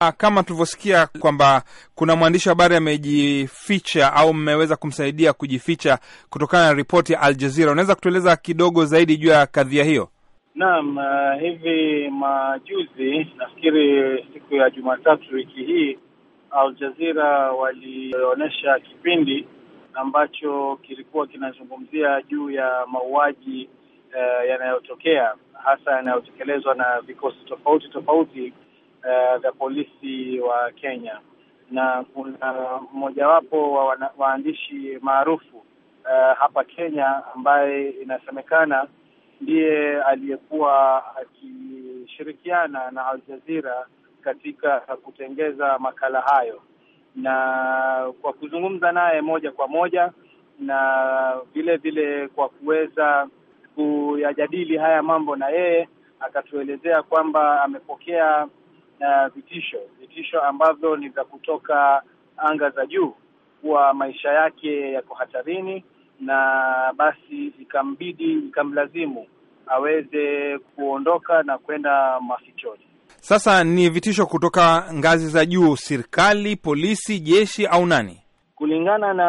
Ah, kama tulivyosikia kwamba kuna mwandishi wa habari amejificha au mmeweza kumsaidia kujificha kutokana na ripoti ya aljazira unaweza kutueleza kidogo zaidi juu ya kadhia hiyo? Naam, uh, hivi majuzi nafikiri siku ya Jumatatu wiki hii Al jazira walionyesha kipindi ambacho kilikuwa kinazungumzia juu ya mauaji uh, yanayotokea hasa yanayotekelezwa na vikosi tofauti tofauti vya uh, eh, polisi wa Kenya, na kuna mmojawapo wa waandishi maarufu uh, hapa Kenya ambaye inasemekana ndiye aliyekuwa akishirikiana na Al Jazeera katika kutengeza makala hayo, na kwa kuzungumza naye moja kwa moja na vile vile kwa kuweza kuyajadili haya mambo na yeye, akatuelezea kwamba amepokea na vitisho, vitisho ambavyo ni vya kutoka anga za juu kuwa maisha yake yako hatarini, na basi ikambidi ikamlazimu aweze kuondoka na kwenda mafichoni. Sasa ni vitisho kutoka ngazi za juu, serikali, polisi, jeshi au nani? Kulingana na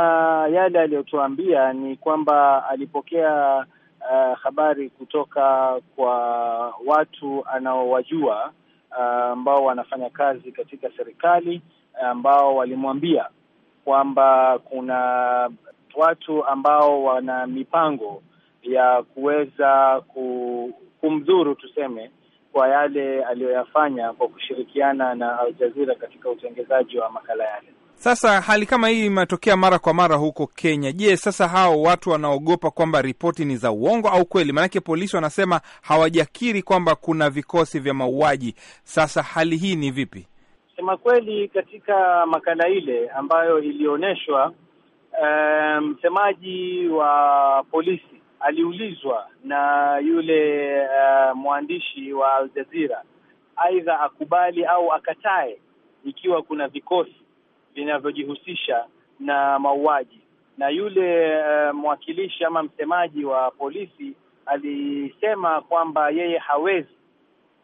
yale aliyotuambia ni kwamba alipokea uh, habari kutoka kwa watu anaowajua Uh, ambao wanafanya kazi katika serikali uh, ambao walimwambia kwamba kuna watu ambao wana mipango ya kuweza kumdhuru tuseme, kwa yale aliyoyafanya kwa kushirikiana na aljazira katika utengenezaji wa makala yale. Sasa hali kama hii imetokea mara kwa mara huko Kenya. Je, sasa hao watu wanaogopa kwamba ripoti ni za uongo au kweli? Maanake polisi wanasema hawajakiri kwamba kuna vikosi vya mauaji. Sasa hali hii ni vipi? Sema kweli, katika makala ile ambayo ilionyeshwa, eh, msemaji um, wa polisi aliulizwa na yule uh, mwandishi wa aljazira aidha akubali au akatae ikiwa kuna vikosi linavyojihusisha na mauaji, na yule uh, mwakilishi ama msemaji wa polisi alisema kwamba yeye hawezi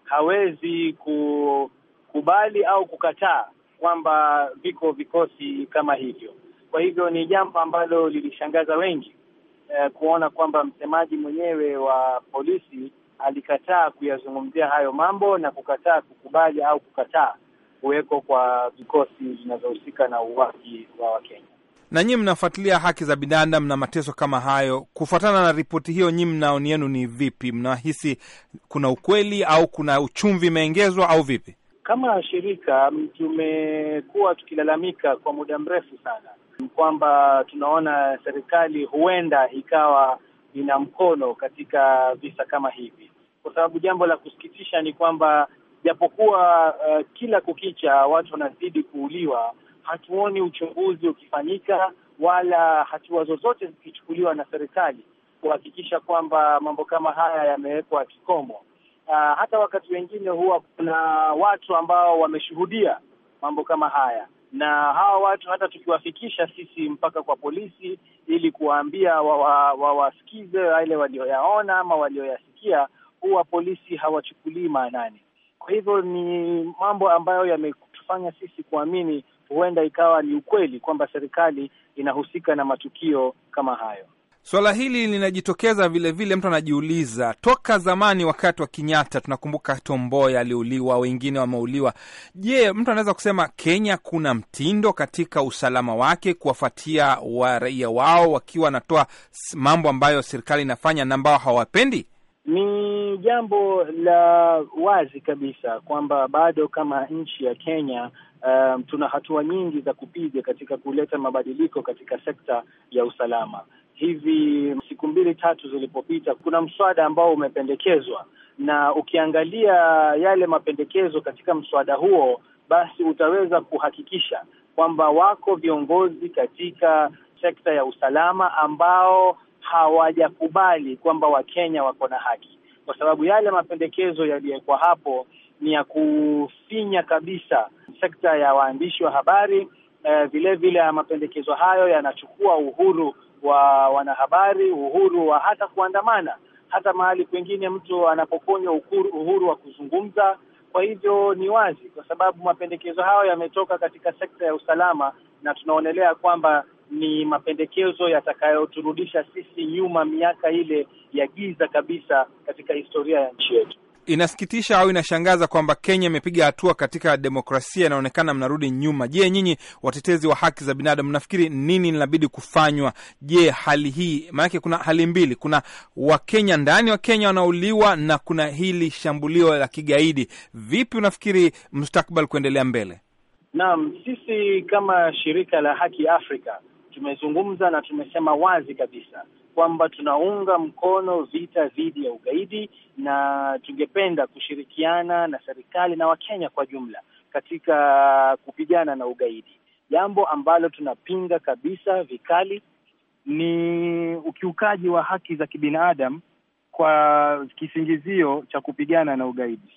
hawezi kukubali au kukataa kwamba viko vikosi kama hivyo. Kwa hivyo ni jambo ambalo lilishangaza wengi eh, kuona kwamba msemaji mwenyewe wa polisi alikataa kuyazungumzia hayo mambo na kukataa kukubali au kukataa kuweko kwa vikosi vinavyohusika na uwaji wa Wakenya. Na nyinyi mnafuatilia haki za binadamu na mateso kama hayo, kufuatana na ripoti hiyo, nyinyi mnaoni yenu ni vipi? Mnahisi kuna ukweli au kuna uchumvi imeongezwa au vipi? Kama shirika tumekuwa tukilalamika kwa muda mrefu sana kwamba tunaona serikali huenda ikawa ina mkono katika visa kama hivi, kwa sababu jambo la kusikitisha ni kwamba japokuwa uh, kila kukicha watu wanazidi kuuliwa, hatuoni uchunguzi ukifanyika wala hatua zozote zikichukuliwa na serikali kuhakikisha kwamba mambo kama haya yamewekwa kikomo. Uh, hata wakati wengine huwa kuna watu ambao wameshuhudia mambo kama haya, na hawa watu hata tukiwafikisha sisi mpaka kwa polisi ili kuwaambia wawasikize wa, wa, wale walioyaona ama walioyasikia, huwa polisi hawachukulii maanani. Kwa hivyo ni mambo ambayo yametufanya sisi kuamini huenda ikawa ni ukweli kwamba serikali inahusika na matukio kama hayo. Swala hili linajitokeza vilevile mtu anajiuliza, toka zamani, wakati wa kinyatta tunakumbuka Tomboya aliuliwa, wengine wameuliwa. Je, mtu anaweza kusema Kenya kuna mtindo katika usalama wake kuwafuatia waraia wao wakiwa wanatoa mambo ambayo serikali inafanya na ambao hawapendi? Ni jambo la wazi kabisa kwamba bado kama nchi ya Kenya um, tuna hatua nyingi za kupiga katika kuleta mabadiliko katika sekta ya usalama. Hivi siku mbili tatu zilipopita, kuna mswada ambao umependekezwa, na ukiangalia yale mapendekezo katika mswada huo, basi utaweza kuhakikisha kwamba wako viongozi katika sekta ya usalama ambao hawajakubali kwamba Wakenya wako na haki, kwa sababu yale mapendekezo yaliyowekwa hapo ni ya kufinya kabisa sekta ya waandishi wa habari. Vilevile eh, vile mapendekezo hayo yanachukua uhuru wa wanahabari, uhuru wa hata kuandamana, hata mahali pengine mtu anapokonywa uhuru wa kuzungumza. Kwa hivyo ni wazi, kwa sababu mapendekezo hayo yametoka katika sekta ya usalama, na tunaonelea kwamba ni mapendekezo yatakayoturudisha sisi nyuma miaka ile ya giza kabisa katika historia ya nchi yetu. Inasikitisha au inashangaza kwamba Kenya imepiga hatua katika demokrasia, inaonekana mnarudi nyuma. Je, nyinyi watetezi wa haki za binadamu mnafikiri nini linabidi kufanywa? Je, hali hii, maanake kuna hali mbili, kuna Wakenya ndani wa Kenya wanauliwa na kuna hili shambulio la kigaidi. Vipi unafikiri mustakbal kuendelea mbele? Naam, sisi kama shirika la Haki Afrika tumezungumza na tumesema wazi kabisa kwamba tunaunga mkono vita dhidi ya ugaidi na tungependa kushirikiana na serikali na Wakenya kwa jumla katika kupigana na ugaidi. Jambo ambalo tunapinga kabisa vikali ni ukiukaji wa haki za kibinadamu kwa kisingizio cha kupigana na ugaidi.